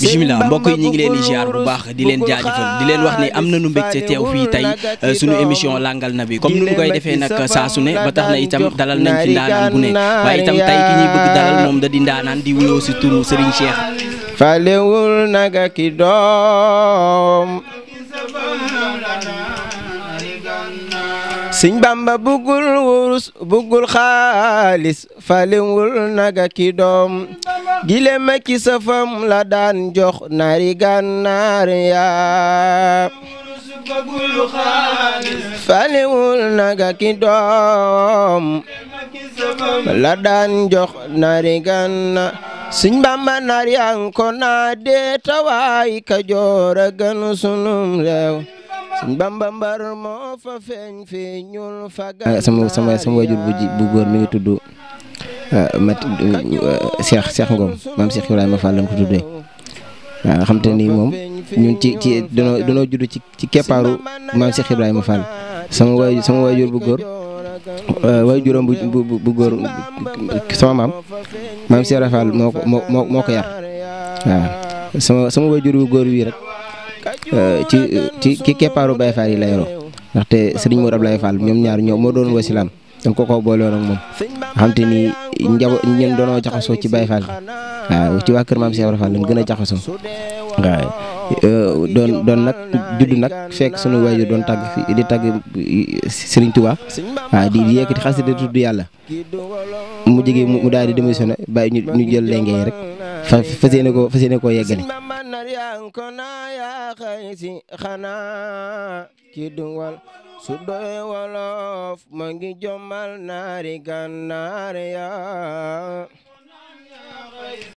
bisimilah mbokk yi ñu ngi leen di ziar bu baax di leen jaajëfal di leen wax ni am nañu mbégte teew fii tey eh, suñu émission langal na bi comme ni ñu koy defee nag saa ne ba tax na itam dalal nañ fi ndaanaan moom da di ndaanaan di wuyoo si turu Serigne Cheikh. falewul ki doom. Sëñ naga ki doom. gile ma ki safam la daan jox nari gànnaar yaa faliwul naga ki doom la daan jox nari gànnaar suñ bamba nar yang ko naa dee tawaay ka joor sunum réew suñ bamba mbar moo fa feeñ fi ñul fa ah, sama sama sama wajur bu góor mi ngi tudd Euh, mat euh, euh, Cheikh Cheikh Ngom maam Cheikh Ibrahima Fall lañ ko tuddee waaw xam ni moom ñun ci ci danoo danoo judd ci ci keppaaru maam Cheikh Ibrahima Fall sama waay sama waajur bu góor waay juróom bu bu góor sama maam moo ko moo moo ko yar waaw sama sama góor wii rek ci ci ci keppaaru Baye Fall yi la yoroo ndaxte Serigne Mor Ablaye Fall ñoom ñaar ñoo moo doon wasilaam danga ko ko boole woon moom xam te ni njabo ñun doonoo jaxasoo ci Baye Fall waaw ci waa Kër Maam Cheikh Ibra Fall gën a jaxasoo waaw eh, doon doon nag judd nag fekk sunu waajur doon tagg fi di tàgg eh, Serigne Touba waaw di yëkkati xasida tudd yàlla mu jege mu daal di démissionné bàyyi ñu jël lenge yi rek. fa fas yéene koo fas yéene koo yeggale su doy wolof ma ngi jomal naari gànnaar ya